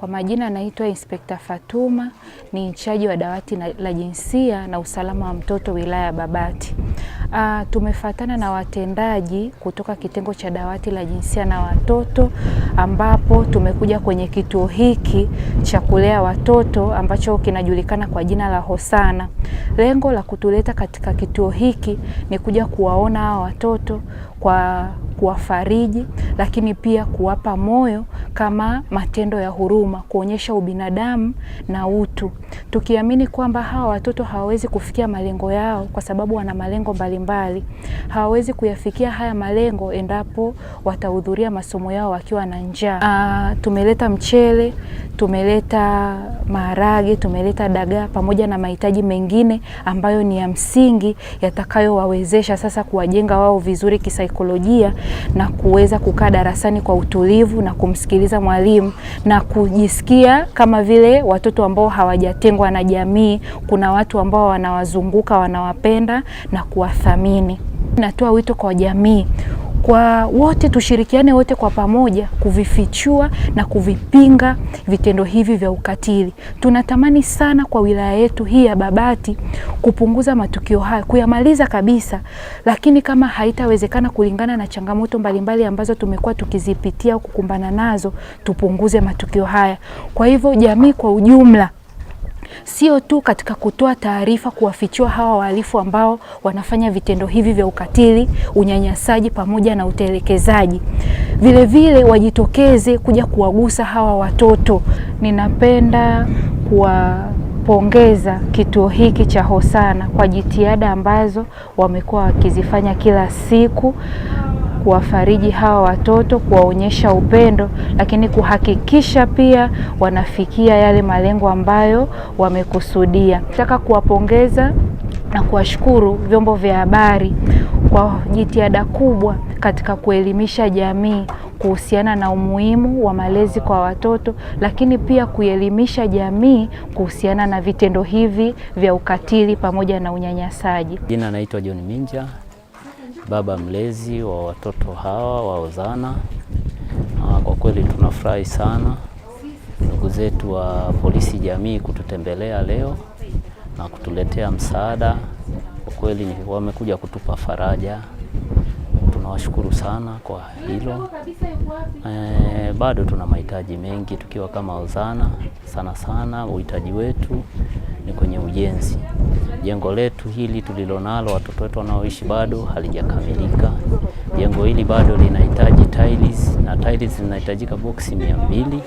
Kwa majina naitwa Inspekta Fatuma, ni inchaji wa dawati na, la jinsia na usalama wa mtoto wilaya ya Babati. Uh, tumefatana na watendaji kutoka kitengo cha dawati la jinsia na watoto ambapo tumekuja kwenye kituo hiki cha kulea watoto ambacho kinajulikana kwa jina la Hosana. Lengo la kutuleta katika kituo hiki ni kuja kuwaona hawa watoto kwa kuwafariji, lakini pia kuwapa moyo kama matendo ya huruma, kuonyesha ubinadamu na utu, tukiamini kwamba hawa watoto hawawezi kufikia malengo yao kwa sababu wana malengo mbalimbali. Hawawezi kuyafikia haya malengo endapo watahudhuria masomo yao wakiwa na njaa. Ah, tumeleta mchele, tumeleta maharage, tumeleta dagaa pamoja na mahitaji mengine ambayo ni ya msingi yatakayowawezesha sasa kuwajenga wao vizuri kisaikolojia na kuweza kukaa darasani kwa utulivu na kumsikiliza mwalimu na kujisikia kama vile watoto ambao hawajatengwa na jamii, kuna watu ambao wanawazunguka, wanawapenda na kuwathamini. Natoa wito kwa jamii kwa wote tushirikiane wote kwa pamoja kuvifichua na kuvipinga vitendo hivi vya ukatili. Tunatamani sana kwa wilaya yetu hii ya Babati kupunguza matukio haya, kuyamaliza kabisa, lakini kama haitawezekana kulingana na changamoto mbalimbali ambazo tumekuwa tukizipitia au kukumbana nazo, tupunguze matukio haya. Kwa hivyo jamii kwa ujumla sio tu katika kutoa taarifa kuwafichua hawa wahalifu ambao wanafanya vitendo hivi vya ukatili, unyanyasaji pamoja na utelekezaji. Vilevile wajitokeze kuja kuwagusa hawa watoto. Ninapenda kuwapongeza kituo hiki cha Hosana kwa jitihada ambazo wamekuwa wakizifanya kila siku kuwafariji hawa watoto, kuwaonyesha upendo, lakini kuhakikisha pia wanafikia yale malengo ambayo wamekusudia. Nataka kuwapongeza na kuwashukuru vyombo vya habari kwa jitihada kubwa katika kuelimisha jamii kuhusiana na umuhimu wa malezi kwa watoto, lakini pia kuelimisha jamii kuhusiana na vitendo hivi vya ukatili pamoja na unyanyasaji. Jina naitwa John Minja baba mlezi wa watoto hawa waozana. Ah, kwa kweli tunafurahi sana ndugu zetu wa polisi jamii kututembelea leo na kutuletea msaada. Kwa kweli wamekuja kutupa faraja, tunawashukuru sana kwa hilo. E, bado tuna mahitaji mengi tukiwa kama ozana, sana sana uhitaji wetu ni kwenye ujenzi. Jengo letu hili tulilonalo, watoto wetu wanaoishi bado halijakamilika. Jengo hili bado linahitaji tiles na tiles zinahitajika boksi mia mbili.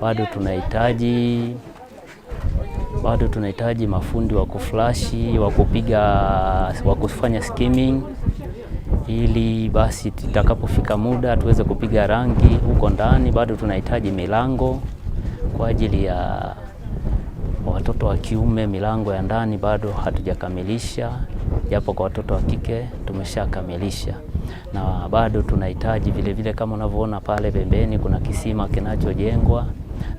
Bado tunahitaji bado tunahitaji mafundi wa kuflashi, wa kupiga, wa kufanya skimming ili basi tutakapofika muda tuweze kupiga rangi huko ndani. Bado tunahitaji milango kwa ajili ya watoto wa kiume milango ya ndani bado hatujakamilisha, japo kwa watoto wa kike tumeshakamilisha, na bado tunahitaji vilevile, kama unavyoona pale pembeni kuna kisima kinachojengwa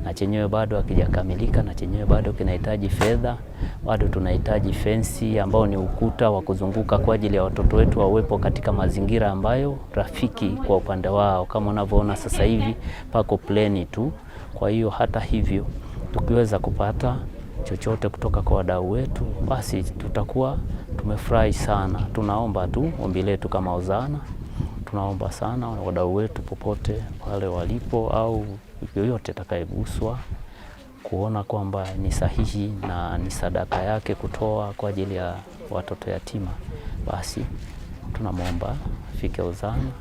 na chenyewe bado hakijakamilika, na chenyewe bado kinahitaji fedha. Bado tunahitaji fensi ambao ni ukuta wa kuzunguka kwa ajili ya watoto wetu wawepo katika mazingira ambayo rafiki kwa upande wao. Kama unavyoona sasa hivi pako pleni tu, kwa hiyo hata hivyo tukiweza kupata chochote kutoka kwa wadau wetu, basi tutakuwa tumefurahi sana. Tunaomba tu ombi letu kama uzana tunaomba sana wadau wetu popote pale walipo au yoyote atakayeguswa kuona kwamba ni sahihi na ni sadaka yake kutoa kwa ajili ya watoto yatima, basi tunamwomba fike uzana